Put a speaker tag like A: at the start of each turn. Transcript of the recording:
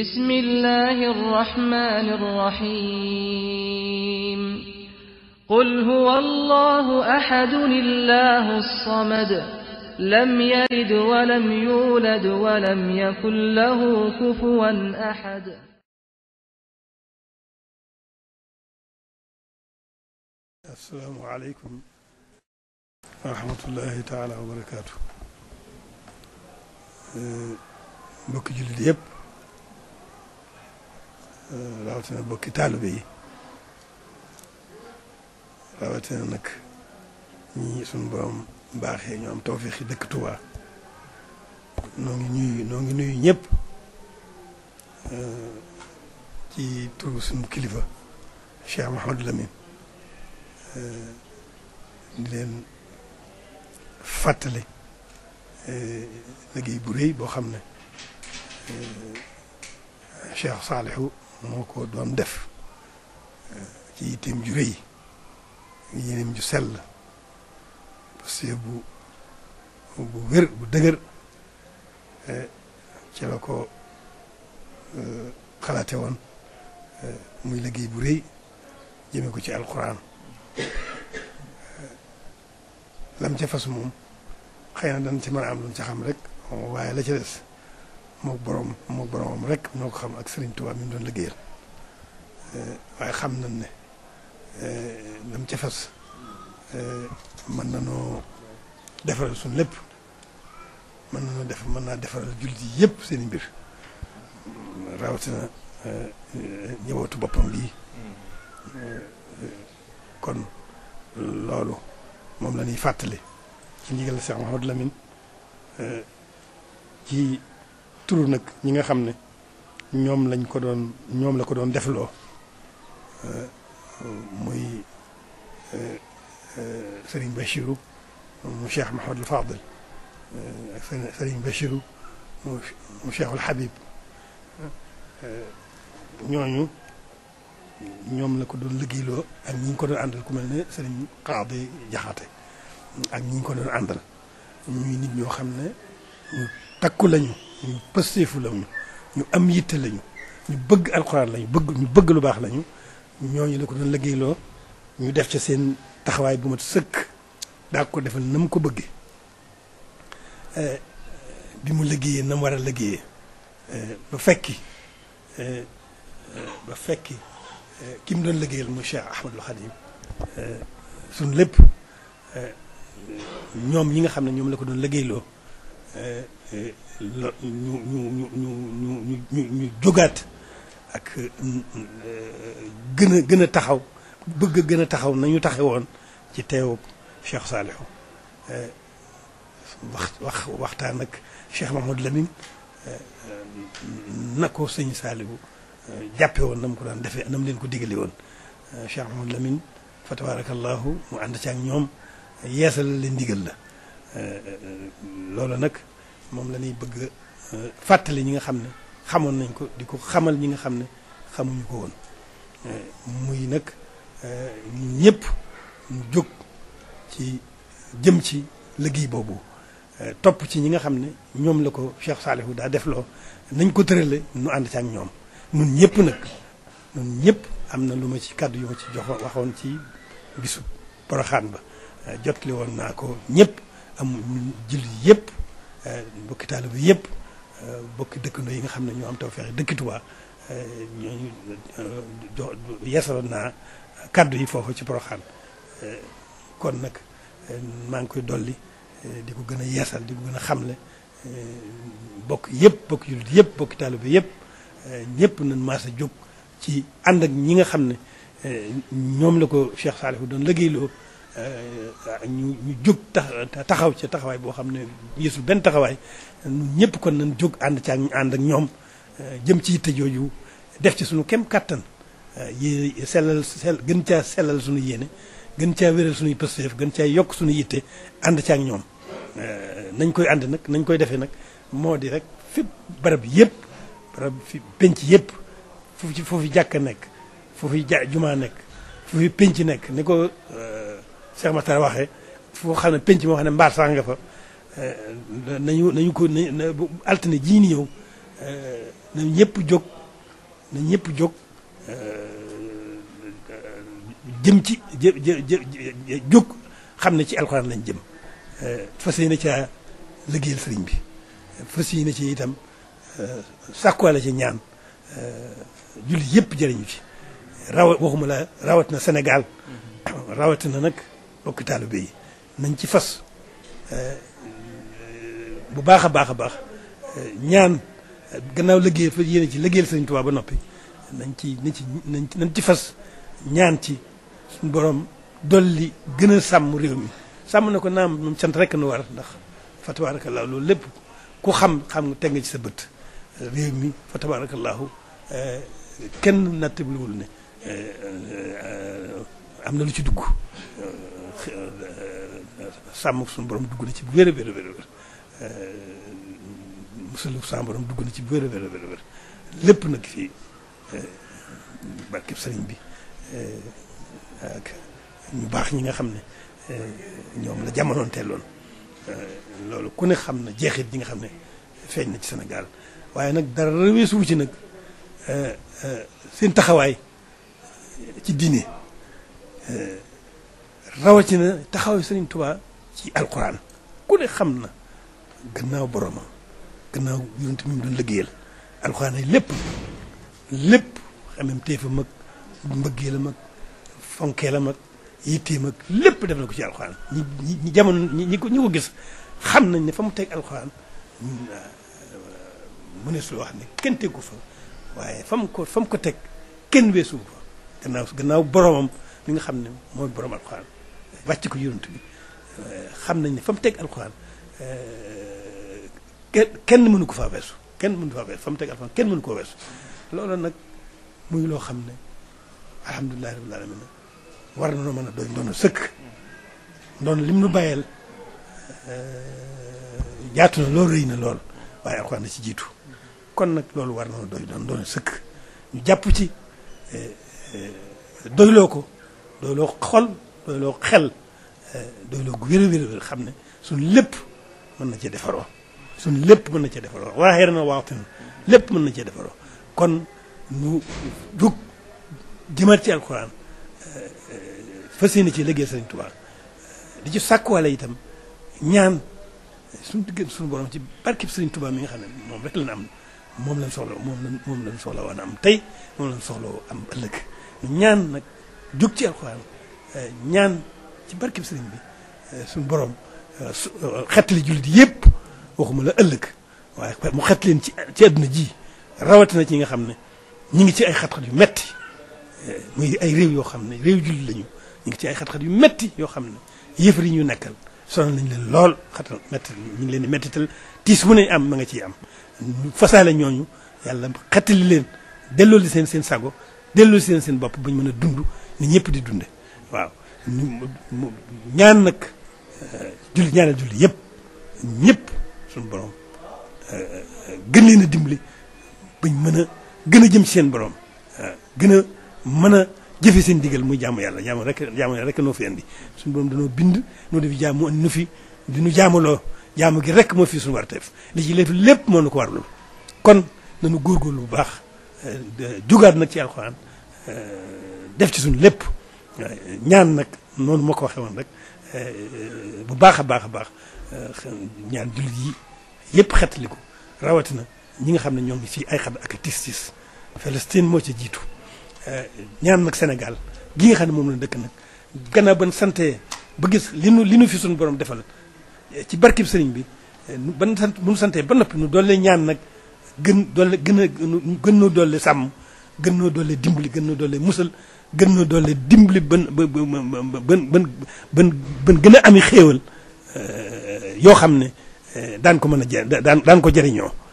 A: بسم الله الرحمن الرحيم قل هو الله أحد الله الصمد لم يلد ولم يولد ولم يكن له كفوا أحد السلام عليكم ورحمة الله تعالى وبركاته mbokki jullit yépp rawatina bokki taalibe yi rawatina nag ñi suñu borom baaxee ñu am tawféex yi dëkk Touba noo ngi nuyu noo ngi nuyu ñëpp euh, ci turu suñu kilifa Cheikh Mouhamadou Lamine euh, di leen fàttali euh, liggéey bu rëy boo xam ne Cheikh Salihu moo ko doon def ci yitteem ju rëy yéeneem ju sell parce que bu bu wér bu dëgër ci la ko xalaate woon muy liggéey bu rëy jëme ko ci alxuraan lam ca fas moom xëy na dañ ci mën a am luñ ca xam rek waaye la ca des moo borom moo boromam rek noo ko xam ak Sëriñ Tuubaa mi mu doon liggéeyal eh, waaye xam nañ ne dam eh, ca fas eh, mën na noo defaral suñ lépp mën na noo def mën naa defaral jullit yi yëpp seen i mbir rawatina ñëwatu boppam lii kon loolu moom la ñuy fàttali ci ndigal Cheikh Mouhamadou Lamine ci turu nag ñi nga xam ne ñoom lañ ko doon ñoom la ko doon defloo euh, muy euh, sëriñ Bachirou mu Cheikh Mahamadul Fadil euh, ak sëriñ Bachirou mu Cheikhul Habib ñooñu ñoom la ko doon liggéeyloo ak ñi ko doon àndal ku mel ne sëriñ Qaadi Jaxate ak ñi ñu ko doon àndal ñuy nit ñoo xam ne takku lañu ñu pësteefu lañu ñu am yitte lañu ñu bëgg alxuraan lañu bëgg ñu bëgg lu baax lañu ñooñu la ko doon liggéeyloo ñu def ca seen taxawaay bu ma sëkk daa ko defal na mu ko bëggee eh, bi mu liggéeyee na mu war a liggéeyee eh, ba fekki eh, ba fekki ki mu doon liggéeyal mu Cheikh Ahmadul Xadim suñ lépp ñoom ñi nga xam ne ñoom la ko doon liggéeyloo ñu ñu ñu ñu ñu ñu jógaat ak euh, gën a gën a taxaw bëgg a gën a taxaw nañu taxe woon ci teewub Cheikh Saliou euh, wax wax waxtaan ak Cheikh Mahmoud Lamine euh, na ko sëñ Saliou jàppe woon na mu ko daan defee na mu leen ko digale woon Cheikh Mahmoud Lamine fa tabaarakallahu mu ànd ci ak ñoom yeesal leen digal la Euh, euh, euh, loolu nag moom la ñuy bëgg fàttali ñi nga xam ne xamoon nañ ko di ko xamal ñi nga xam ne xamuñu ko woon muy nag ñëpp ñu jóg ci jëm ci liggéey boobu topp ci ñi nga xam ne ñoom la ko Cheikh Salihu daa def loo nañ ko tërale nu ànd ci ak ñoom nun ñëpp nag nun ñëpp am na lu ma ci kàddu yu ma ci jox waxoon ci bisu poroxaan ba jotli woon naa ko ñëpp am jullit yëpp euh, bokki taalibe yëpp euh, bokki dëkkandoo yi nga xam ne ñoo am tawfeex dëkki Tuubaa euh, ñooñu yeesaloon naa kàddu yi foofu ci Poroxaan kon nag maa ngi koy dolli di ko gën a yeesal di ko gën a xamle bokk yëpp bokk jullit yëpp bokki taalibe yëpp ñëpp nañ maasa jóg ci ànd ak ñi nga xam ne ñoom la ko Cheikh Saliou doon liggéeyloo ñu ñu jóg taxaw ci taxawaay boo xam ne yéesul benn taxawaay ñëpp kon nañ jóg ànd ci ak ànd ak ñoom jëm ci yitte jooju def ci suñu kem kàttan yi sellal sell gën caa sellal sunu yéene gën caa wéral suñuy pësteef gën caa yokk suñu yitte ànd ci ak ñoom nañ koy ànd nag nañ koy defee nag moo di rek fépp barab yëpp barab fi penc yëpp fu fi foofu nekk fu fi ja jumaa nekk fu fi penc nekk ni ko Cheikh Makhtar waxee foo xam na penc moo xam ne mbaar sax nga fa euh, nañu nañu ko na altine jii ni yow euh, na ñëpp jóg na ñëpp jóg euh, jëm ci jë jóg xam ne ci alxuraan lañ jëm fas yéene caa liggéeyal sëriñ bi fas yéene ci itam sàkkuwaale ci ñaan julli yëpp jëriñu ci raw waxuma la rawat na Sénégal rawat na nag bokki taalibe yi nañ ci fas eh, bu baax a baax a baax eh, ñaan gannaaw liggéey fa yéene ci liggéeyal Sëriñ Tuubaa ba noppi nañ ci nañ ci nañ ci fas ñaan ci suñu borom dolli gën a sàmm réew mi sàmm na ko naam moom sant rek nu war ndax fa tabaarakallaahu loolu lépp ku xam xam nga teg nga ci sa bët réew mi fa tabaarakallaahu eh, kenn nattabliwul ne am na lu ci dugg sàmm suñ borom dugg na ci bu wér a wér a wér a euh, dugg na ci bu wér lépp nag ci euh, barkeb sëriñ bi euh, ak ñu baax ñi nga xam ne ñoom la jamonoon teeloon loolu ku ne xam na jeexit ji nga xam ne feeñ na ci senegal waaye nag dara weesu wu ci nag seen taxawaay ci diine rawatina taxaw Serigne Touba ci alquran ku ne xam na gannaaw boromam gannaaw yonent mi mu doon liggéeyal alquran lépp lépp xamem teefa mag mbëggeel mag fonkeel mag yittee mag lépp def na ko ci alquran ñi ñi ñi jamono ñi ko ñi ko gis xam nañ ne fa mu teg alquran mu ne su wax ne kenn teg fa waaye fa mu ko fa mu ko teg kenn weesu ko fa gannaaw gannaaw boromam mi nga xam ne mooy borom alquran wàcc ko yonent bi euh, xam nañ ne fa mu teg alxuraan euh, kenn kenn mënu ko faa weesu kenn mënu ko kenn mënu koo weesu loolu nag muy loo xam ne alhamdulilahi rabbil alamin war na noo mën a doy ndoonu sëkk ndoonu lim nu bàyyeel jaatu euh, na loolu rëy na lool waaye alxuraan na ci jiitu kon nag loolu war na noo doy doon doonu sëkk ñu jàpp ci doyloo ko doyloo xol doyloo xel eh, doyloo gu wér wér wér xam ne suñ lépp mën na cee defaro suñ lépp mën na cee defaroo waaxeer waxtu lépp mën na cee defaroo kon nu jug jëmaat ci alxuraan eh, fas yéene ci liggéey Sëriñ Tuubaa eh, di ci sàkkuwaale itam ñaan suñu diggante suñu borom ci barkeb Sëriñ Tuubaa mi nga xam ne moom rek lañ am moom la soxla moom lañ moom lañ soxla woon am tey moom lañ soxla am ëllëg ñaan nag jug ci alxuraan ñaan ci barkeb sëriñ bi euh, suñu borom euh, euh, xettali jullit yépp waxuma la ëllëg waaye mu xett leen ci ci àdduna ji rawatina ci nga xam ne ñi ngi ci ay xat-xat yu metti muy ay réew yoo xam ne réew jullit lañu ñu ngi ci ay xat yu metti yoo xam ne yëfar yi ñu nekkal sonal nañ leen lool xatal metti ñu ngi leen di mettital tiis mu ne am ma nga ciy am fasaale ñooñu yàlla xettali leen delloo li seen seen sago delloo li seen seen bopp ba ñu mën a dund ni ñëpp di dunde waaw ñaan nag euh, julli ñaanal julli yëpp ñëpp suñu borom euh, gën leen a dimbali bañ mën a gën a jëm ci seen borom euh, gën a mën a jëfe seen digal muy jàmm yàlla jaamu rek jaamu yàlla rek noo fi indi suñu borom danoo bind noo def jaamu andi nu fi di nu jaamaloo jaamu gi rek moo fi suñu warteef li ci lépp lépp moo nu ko warlu kon nañu góorgóorlu bu baax jugaat nag ci alxuraan def ci suñu lépp ñaan nag noonu moo ko waxee woon rek bu baax a baax a baax ñaan jullit yi yëpp xettali ko rawatina ñi nga xam ne ñoo ngi ci ay xat ak tis tis Palestine moo ci jiitu ñaan nag senegal gi nga xam ne moom la dëkk nag gannaaw ban santee ba gis li nu li nu fi suñu borom defal ci barkib sëriñ bi ban sant bu nu santee ba noppi nu doole ñaan nag gën doole gën a gën noo doole sàmm gën noo doole dimbali gën noo doole musal gën na doole dimbali ban ba ban bën ban ban gën a ami xéewal euh, yoo xam ne euh, daan ko mën a jë daan daan ko jëriñoo